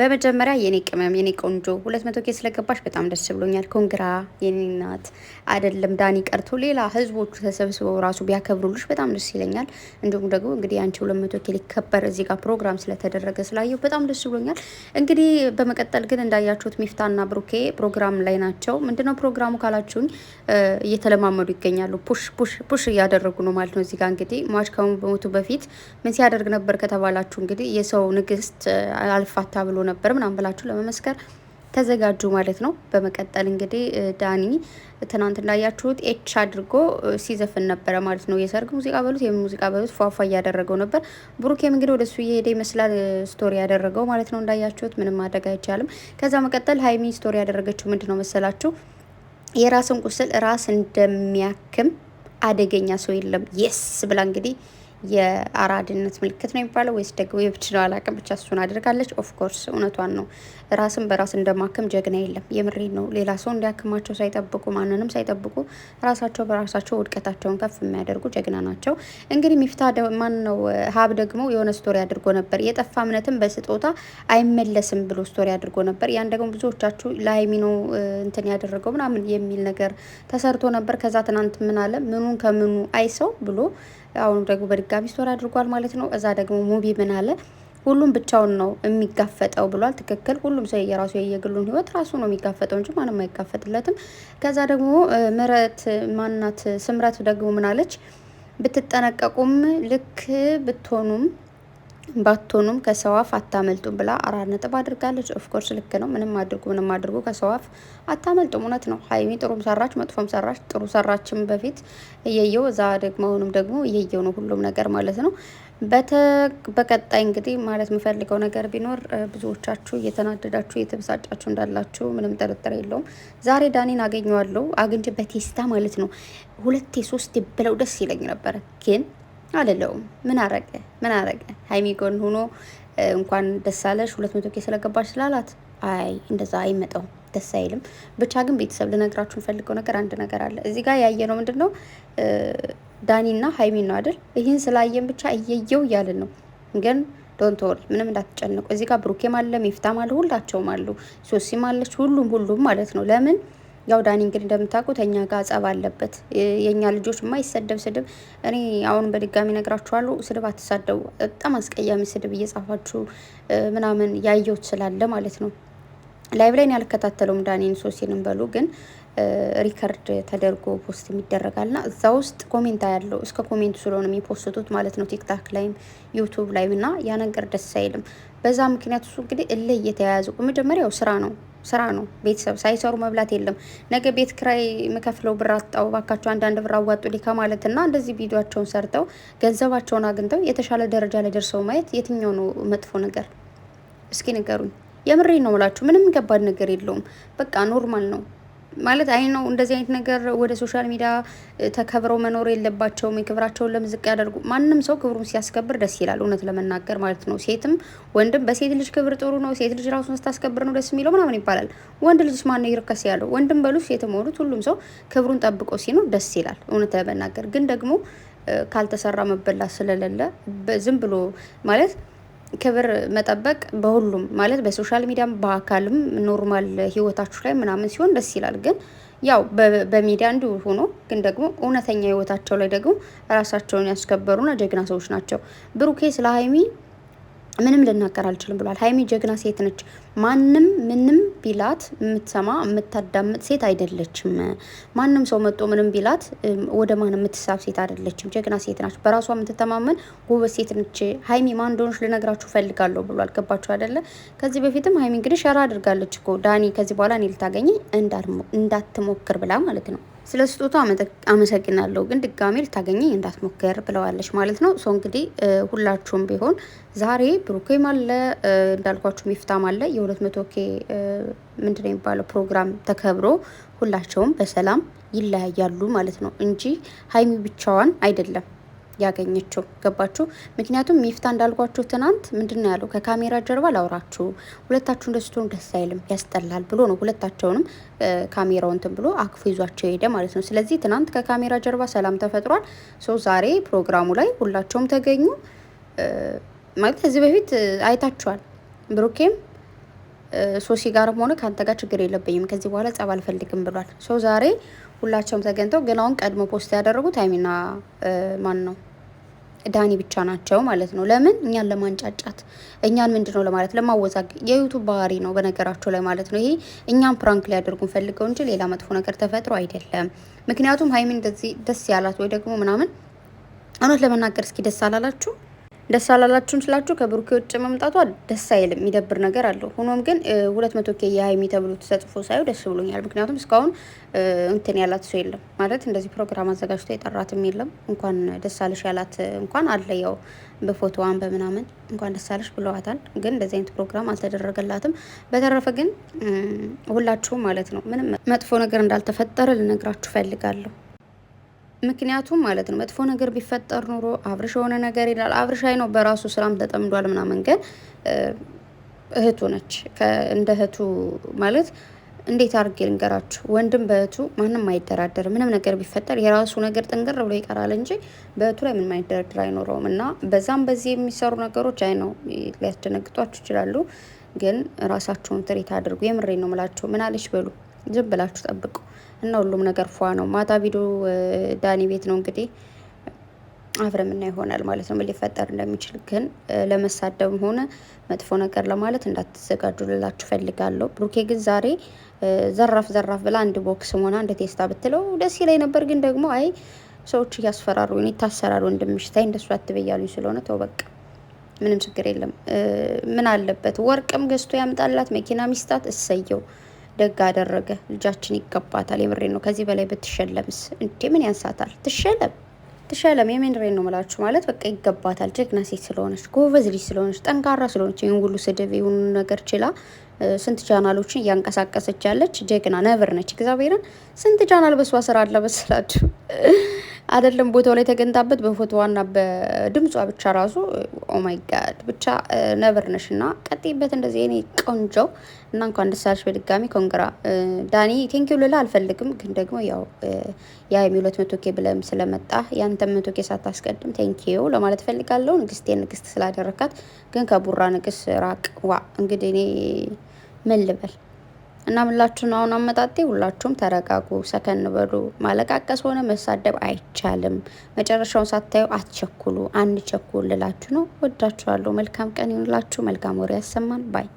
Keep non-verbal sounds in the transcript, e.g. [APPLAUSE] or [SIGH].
በመጀመሪያ የኔ ቅመም የኔ ቆንጆ ሁለት መቶ ኬ ስለገባሽ በጣም ደስ ብሎኛል። ኮንግራ የኔ ናት። አይደለም ዳኒ ቀርቶ ሌላ ህዝቦቹ ተሰብስበው ራሱ ቢያከብሩልሽ በጣም ደስ ይለኛል። እንዲሁም ደግሞ እንግዲህ አንቺ ሁለት መቶ ኬ ሊከበር እዚህ ጋር ፕሮግራም ስለተደረገ ስላየው በጣም ደስ ብሎኛል። እንግዲህ በመቀጠል ግን እንዳያችሁት ሚፍታና ብሩኬ ፕሮግራም ላይ ናቸው። ምንድነው ፕሮግራሙ ካላችሁኝ እየተለማመዱ ይገኛሉ። ፑሽ ፑሽ ፑሽ እያደረጉ ነው ማለት ነው። እዚህ ጋር እንግዲህ ሟች ከመሞቱ በፊት ምን ሲያደርግ ነበር ከተባላችሁ እንግዲህ የሰው ንግስት አልፋታ ብሎ ነበር ምናምን ብላችሁ ለመመስከር ተዘጋጁ ማለት ነው። በመቀጠል እንግዲህ ዳኒ ትናንት እንዳያችሁት ኤች አድርጎ ሲዘፍን ነበረ ማለት ነው። የሰርግ ሙዚቃ በሉት የምን ሙዚቃ በሉት ፏፏ እያደረገው ነበር። ብሩኬም እንግዲህ ወደሱ የሄደ እየሄደ ይመስላል ስቶሪ ያደረገው ማለት ነው። እንዳያችሁት ምንም ማድረግ አይቻልም። ከዛ መቀጠል ሀይሚ ስቶሪ ያደረገችው ምንድን ነው መሰላችሁ? የራስን ቁስል ራስ እንደሚያክም አደገኛ ሰው የለም የስ ብላ እንግዲህ የአራድነት ምልክት ነው የሚባለው ወይስ ደግሞ የብች ነው አላውቅም። ብቻ እሱን አድርጋለች። ኦፍኮርስ እውነቷን ነው። ራስን በራስ እንደማከም ጀግና የለም። የምሬ ነው። ሌላ ሰው እንዲያክማቸው ሳይጠብቁ ማንንም ሳይጠብቁ ራሳቸው በራሳቸው ውድቀታቸውን ከፍ የሚያደርጉ ጀግና ናቸው። እንግዲህ ሚፍታ ማን ነው ሀብ ደግሞ የሆነ ስቶሪ አድርጎ ነበር። የጠፋ እምነትም በስጦታ አይመለስም ብሎ ስቶሪ አድርጎ ነበር። ያን ደግሞ ብዙዎቻችሁ ለሀይሚኖ እንትን ያደረገው ምናምን የሚል ነገር ተሰርቶ ነበር። ከዛ ትናንት ምን አለ ምኑን ከምኑ አይሰው ብሎ አሁን ደግሞ በድጋሚ ስቶሪ አድርጓል ማለት ነው። እዛ ደግሞ ሙቪ ምን አለ? ሁሉም ብቻውን ነው የሚጋፈጠው ብሏል። ትክክል። ሁሉም ሰው የራሱ የየግሉን ህይወት ራሱ ነው የሚጋፈጠው እንጂ ማንም አይጋፈጥለትም። ከዛ ደግሞ ምረት ማናት ስምረት ደግሞ ምናለች? ብትጠነቀቁም ልክ ብትሆኑም ባትሆኑም ከሰው አፍ አታመልጡም ብላ አራት ነጥብ አድርጋለች። ኦፍኮርስ ልክ ነው። ምንም አድርጉ ምንም አድርጉ ከሰው አፍ አታመልጡም። እውነት ነው። ሀይሚ ጥሩም ሰራች መጥፎም ሰራች፣ ጥሩ ሰራችም በፊት እየየው እዛ ደግሞ አሁንም ደግሞ እየየው ነው ሁሉም ነገር ማለት ነው። በቀጣይ እንግዲህ ማለት የምፈልገው ነገር ቢኖር ብዙዎቻችሁ እየተናደዳችሁ እየተበሳጫችሁ እንዳላችሁ ምንም ጥርጥር የለውም። ዛሬ ዳኒን አገኘዋለሁ አግኝቼ በቴስታ ማለት ነው ሁለቴ ሶስቴ ብለው ደስ ይለኝ ነበረ ግን አልለውም። ምን አረገ ምን አረገ? ሀይሚ ጎን ሆኖ እንኳን ደስ አለሽ ሁለት መቶ ኬ ስለገባሽ ስላላት፣ አይ እንደዛ አይመጣውም፣ ደስ አይልም። ብቻ ግን ቤተሰብ ልነግራችሁ የምፈልገው ነገር አንድ ነገር አለ። እዚህ ጋር ያየነው ምንድን ነው? ዳኒና ሀይሚን ነው አይደል? ይህን ስላየን ብቻ እየየው እያልን ነው ግን ዶንት ወሪ ምንም እንዳትጨነቁ። እዚህ ጋር ብሩኬም አለ፣ ሚፍታም አለ፣ ሁላቸውም አሉ፣ ሶሲም አለች፣ ሁሉም ሁሉም ማለት ነው። ለምን ያው ዳኒ እንግዲህ እንደምታውቁት እኛ ጋር ጸብ አለበት። የእኛ ልጆች የማይሰደብ ስድብ እኔ አሁን በድጋሚ ነግራችኋለሁ፣ ስድብ አትሳደቡ። በጣም አስቀያሚ ስድብ እየጻፋችሁ ምናምን ያየሁት ስላለ ማለት ነው። ላይቭ ላይ ያልከታተለውም ዳኒን ሶሲንም በሉ ግን ሪከርድ ተደርጎ ፖስት የሚደረጋል ና እዛ ውስጥ ኮሜንት ያለው እስከ ኮሜንቱ ስለሆነ የሚፖስቱት ማለት ነው። ቲክታክ ላይም ዩቱብ ላይም እና ያ ነገር ደስ አይልም። በዛ ምክንያት እሱ እንግዲህ እልህ እየተያያዘ መጀመሪያው ስራ ነው ስራ ነው። ቤተሰብ ሳይሰሩ መብላት የለም። ነገ ቤት ክራይ የምከፍለው ብር አጣው፣ ባካቸው አንዳንድ ብር ከማለት ና እንደዚህ ቪዲዮቸውን ሰርተው ገንዘባቸውን አግኝተው የተሻለ ደረጃ ላይ ደርሰው ማየት የትኛው ነው መጥፎ ነገር? እስኪ ንገሩኝ። የምሬ ነው ምላችሁ። ምንም ከባድ ነገር የለውም። በቃ ኖርማል ነው። ማለት አይ ነው እንደዚህ አይነት ነገር ወደ ሶሻል ሚዲያ ተከብረው መኖር የለባቸውም። የክብራቸውን ለምዝቅ ያደርጉ። ማንም ሰው ክብሩን ሲያስከብር ደስ ይላል፣ እውነት ለመናገር ማለት ነው። ሴትም ወንድም በሴት ልጅ ክብር ጥሩ ነው። ሴት ልጅ ራሱን ስታስከብር ነው ደስ የሚለው ምናምን ይባላል። ወንድ ልጅ ማነው ይርከስ ያለው? ወንድም በሉ ሴትም ሆኑት ሁሉም ሰው ክብሩን ጠብቆ ሲኖር ደስ ይላል፣ እውነት ለመናገር ግን ደግሞ ካልተሰራ መበላት ስለሌለ ዝም ብሎ ማለት ክብር መጠበቅ በሁሉም ማለት በሶሻል ሚዲያም በአካልም ኖርማል ህይወታችሁ ላይ ምናምን ሲሆን ደስ ይላል። ግን ያው በሚዲያ እንዲሁ ሆኖ ግን ደግሞ እውነተኛ ህይወታቸው ላይ ደግሞ ራሳቸውን ያስከበሩና ጀግና ሰዎች ናቸው። ብሩኬ ስለ ሀይሚ ምንም ልናገር አልችልም ብሏል። ሀይሚ ጀግና ሴት ነች። ማንም ምንም ቢላት የምትሰማ የምታዳምጥ ሴት አይደለችም። ማንም ሰው መጦ ምንም ቢላት ወደ ማን የምትሳብ ሴት አይደለችም። ጀግና ሴት ናች። በራሷ የምትተማመን ጎበዝ ሴት ነች። ሀይሚ ማን እንደሆነች ልነግራችሁ ፈልጋለሁ ብሏል። ገባችሁ አይደለ? ከዚህ በፊትም ሀይሚ እንግዲህ ሸራ አድርጋለች እኮ ዳኒ ከዚህ በኋላ እኔ ልታገኘ እንዳትሞክር ብላ ማለት ነው። ስለ ስጦታ አመሰግናለሁ፣ ግን ድጋሜ ልታገኘኝ እንዳትሞክር ብለዋለች ማለት ነው። ሶ እንግዲህ ሁላችሁም ቢሆን ዛሬ ብሩኬም አለ እንዳልኳችሁ ሚፍታም አለ የሁለት መቶ ኬ ምንድነው የሚባለው ፕሮግራም ተከብሮ ሁላቸውም በሰላም ይለያያሉ ማለት ነው እንጂ ሀይሚ ብቻዋን አይደለም። ያገኘችው ገባችሁ። ምክንያቱም ሚፍታ እንዳልኳችሁ ትናንት ምንድን ነው ያለው? ከካሜራ ጀርባ ላውራችሁ፣ ሁለታችሁ እንደዚህ ደስ አይልም፣ ያስጠላል ብሎ ነው ሁለታቸውንም ካሜራው እንትን ብሎ አክፎ ይዟቸው ሄደ ማለት ነው። ስለዚህ ትናንት ከካሜራ ጀርባ ሰላም ተፈጥሯል። ሰው ዛሬ ፕሮግራሙ ላይ ሁላቸውም ተገኙ ማለት ከዚህ በፊት አይታችኋል ብሩኬም ሶሲ ጋርም ሆነ ከአንተ ጋር ችግር የለብኝም ከዚህ በኋላ ጸብ አልፈልግም ብሏል። ሶ ዛሬ ሁላቸውም ተገኝተው ግን አሁን ቀድሞ ፖስት ያደረጉት ሀይሚና ማን ነው ዳኒ ብቻ ናቸው ማለት ነው። ለምን እኛን ለማንጫጫት እኛን ምንድን ነው ለማለት ለማወዛግ የዩቱብ ባህሪ ነው በነገራቸው ላይ ማለት ነው። ይሄ እኛን ፕራንክ ሊያደርጉን ፈልገው እንጂ ሌላ መጥፎ ነገር ተፈጥሮ አይደለም። ምክንያቱም ሀይሚን እንደዚህ ደስ ያላት ወይ ደግሞ ምናምን እውነት ለመናገር እስኪ ደስ አላላችሁ ደስ አላላችሁም ስላችሁ ከብሩኬ ውጭ መምጣቷ ደስ አይልም፣ የሚደብር ነገር አለው። ሆኖም ግን ሁለት መቶ ኬ የሀይሚ ተብሎ ተጽፎ ሳየው ደስ ብሎኛል። ምክንያቱም እስካሁን እንትን ያላት ሰው የለም ማለት እንደዚህ ፕሮግራም አዘጋጅቶ የጠራትም የለም። እንኳን ደስ አለሽ ያላት እንኳን አለ ያው በፎቶዋን በምናምን እንኳን ደስ አለሽ ብለዋታል። ግን እንደዚህ አይነት ፕሮግራም አልተደረገላትም። በተረፈ ግን ሁላችሁም ማለት ነው ምንም መጥፎ ነገር እንዳልተፈጠረ ልነግራችሁ ፈልጋለሁ። ምክንያቱም ማለት ነው መጥፎ ነገር ቢፈጠር ኑሮ አብርሽ የሆነ ነገር ይላል። አይ ነው በራሱ ስራም ተጠምዷል ምናምን፣ ግን እህቱ ነች እንደ እህቱ ማለት እንዴት አድርጌ ልንገራችሁ? ወንድም በእህቱ ማንም አይደራደር። ምንም ነገር ቢፈጠር የራሱ ነገር ጥንቅር ብሎ ይቀራል እንጂ በእህቱ ላይ ምንም አይደራደር አይኖረውም። እና በዛም በዚህ የሚሰሩ ነገሮች አይ ነው ሊያስደነግጧችሁ ይችላሉ፣ ግን ራሳቸውን ትሬት አድርጉ። የምሬ ነው ምላቸው ምናለች በሉ ዝም ብላችሁ ጠብቁ እና ሁሉም ነገር ፏ ነው። ማታ ቪዲዮ ዳኒ ቤት ነው እንግዲህ አብረን ምና ይሆናል ማለት ነው ምን ሊፈጠር እንደሚችል ግን ለመሳደብም ሆነ መጥፎ ነገር ለማለት እንዳትዘጋጁ ልላችሁ ፈልጋለሁ። ብሩኬ ግን ዛሬ ዘራፍ ዘራፍ ብላ አንድ ቦክስ ሆና እንደ ቴስታ ብትለው ደስ ይለኝ ነበር። ግን ደግሞ አይ ሰዎች እያስፈራሩ ይታሰራሉ፣ እንደምሽታይ እንደሱ አትበያሉኝ ስለሆነ ተው በቃ ምንም ችግር የለም። ምን አለበት? ወርቅም ገዝቶ ያምጣላት መኪና ሚስታት እሰየው። ደግ አደረገ። ልጃችን ይገባታል። የምሬን ነው። ከዚህ በላይ ብትሸለምስ እንዴ ምን ያንሳታል? ትሸለም ትሸለም። የምሬን ነው ምላችሁ ማለት በቃ ይገባታል። ጀግና ሴት ስለሆነች፣ ጎበዝ ልጅ ስለሆነች፣ ጠንካራ ስለሆነች ይህን ሁሉ ስድብ የሆኑ ነገር ችላ ስንት ቻናሎችን እያንቀሳቀሰች ያለች ጀግና ነብር ነች። እግዚአብሔርን ስንት ቻናል በሷ ስራ አለ በስላችሁ [LAUGHS] አይደለም ቦታው ላይ ተገንታበት በፎቶዋና በድምጿ ብቻ ራሱ ኦማይ ጋድ ብቻ ነብር ነሽ እና ቀጤበት እንደዚህ የኔ ቆንጆ እና እንኳን ደስ አለሽ በድጋሚ ኮንግራ ዳኒ። ቴንኪው ልላ አልፈልግም፣ ግን ደግሞ ያው የሀይሚ ሁለት መቶ ኬ ብለም ስለመጣ ያንተ መቶ ኬ ሳታስቀድም ቴንኪው ለማለት እፈልጋለሁ። ንግስቴ ንግስት ስላደረካት ግን ከቡራ ንግስ ራቅ ዋ። እንግዲህ እኔ ምን ልበል እና ምላችሁን አሁን አመጣጤ ሁላችሁም ተረጋጉ፣ ሰከን በሉ። ማለቃቀስ ሆነ መሳደብ አይቻልም። መጨረሻውን ሳታዩ አትቸኩሉ፣ አንቸኩል ልላችሁ ነው። ወዳችኋለሁ። መልካም ቀን ይሁንላችሁ። መልካም ወሬ ያሰማን ባይ